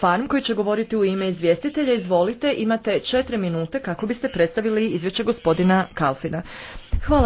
Farm koji će govoriti u ime izvjestitelja. Izvolite, imate četiri minute kako biste predstavili izvješće gospodina Kalfina. Hvala